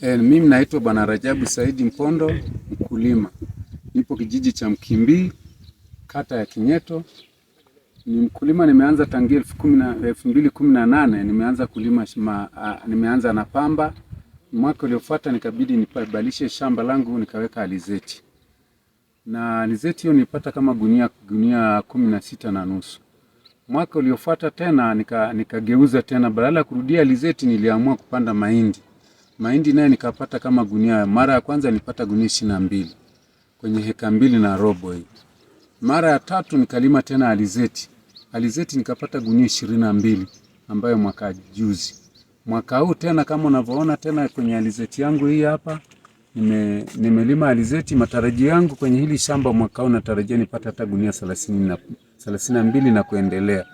E, mimi naitwa Bwana Rajabu Saidi Mpondo, mkulima. Nipo kijiji cha Mkimbii, kata ya Kinyeto. Ni mkulima, nimeanza tangia elfu mbili kumi na nane nimeanza kulima shima, a, nimeanza na pamba. Mwaka uliofuata nikabidi nipabalishe shamba langu nikaweka alizeti, na alizeti hiyo nilipata kama gunia gunia kumi na sita na nusu. Mwaka uliofuata tena nikageuza nika tena, badala ya kurudia alizeti niliamua kupanda mahindi Mahindi naye nikapata kama gunia. Mara ya kwanza nilipata gunia ishirini na mbili kwenye heka mbili na robo hii. Mara ya tatu nikalima tena alizeti. Alizeti nikapata gunia ishirini na mbili ambayo mwaka juzi. Mwaka huu tena kama unavyoona tena kwenye alizeti yangu hii hapa nime nimelima alizeti. Matarajio yangu kwenye hili shamba mwaka huu natarajia nipate hata gunia thelathini na mbili na kuendelea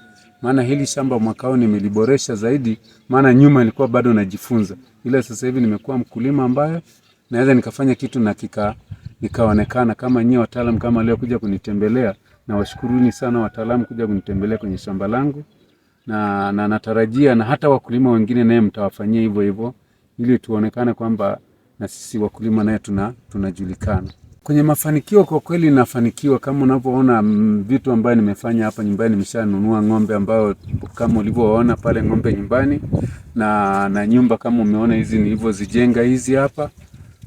maana hili shamba mwaka huu nimeliboresha zaidi, maana nyuma ilikuwa bado najifunza, ila sasa hivi nimekuwa mkulima ambaye naweza nikafanya kitu na kika nikaonekana kama nyie wataalamu kama leo kuja kunitembelea, na washukuruni sana wataalamu kuja kunitembelea kwenye shamba langu, na, na natarajia na hata wakulima wengine naye mtawafanyia hivyo hivyo, ili tuonekane kwamba na sisi wakulima naye tuna tunajulikana. Kwenye mafanikio kwa kweli nafanikiwa kama unavyoona mm, vitu ambayo nimefanya hapa nyumbani. Nimeshanunua ng'ombe ambayo kama ulivyoona pale ng'ombe nyumbani, na na nyumba kama umeona hizi nilivyozijenga hizi hapa,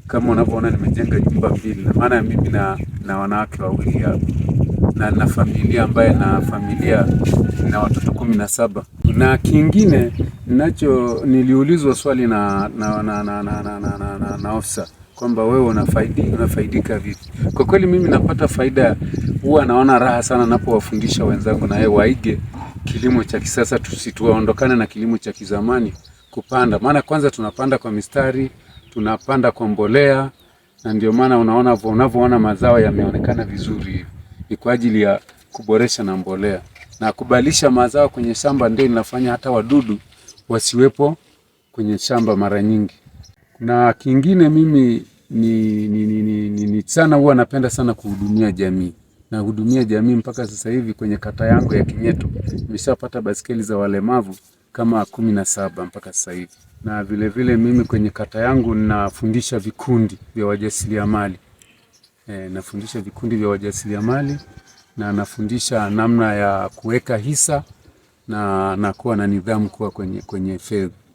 kama unavyoona nimejenga nyumba mbili, na maana mimi na na wanawake wawili hapa na na familia ambaye na familia na watoto kumi na saba. Na kingine ninacho niliulizwa swali na na na na na, na, na, na, na, na ofisa kwamba wewe unafaidi, unafaidika vipi? Kwa kweli mimi napata faida, huwa naona raha sana napowafundisha wenzangu na yeye waige kilimo cha kisasa, tusituondokane na kilimo cha kizamani kupanda. Maana kwanza tunapanda kwa mistari, tunapanda kwa mbolea, na ndio maana unaona unavyoona mazao yameonekana vizuri hivi ni kwa ajili ya kuboresha na mbolea na kubalisha mazao kwenye shamba, ndio inafanya hata wadudu wasiwepo kwenye shamba mara nyingi na kingine mimi ni, ni, ni, ni, ni, ni sana huwa napenda sana kuhudumia jamii nahudumia jamii mpaka sasa hivi kwenye kata yangu ya Kinyeto nimeshapata baskeli za walemavu kama kumi na saba mpaka sasa hivi, na vilevile vile mimi kwenye kata yangu nafundisha vikundi vya wajasiriamali e, nafundisha vikundi vya wajasiriamali na nafundisha namna ya kuweka hisa na nakuwa na nidhamu kuwa kwenye, kwenye fedha.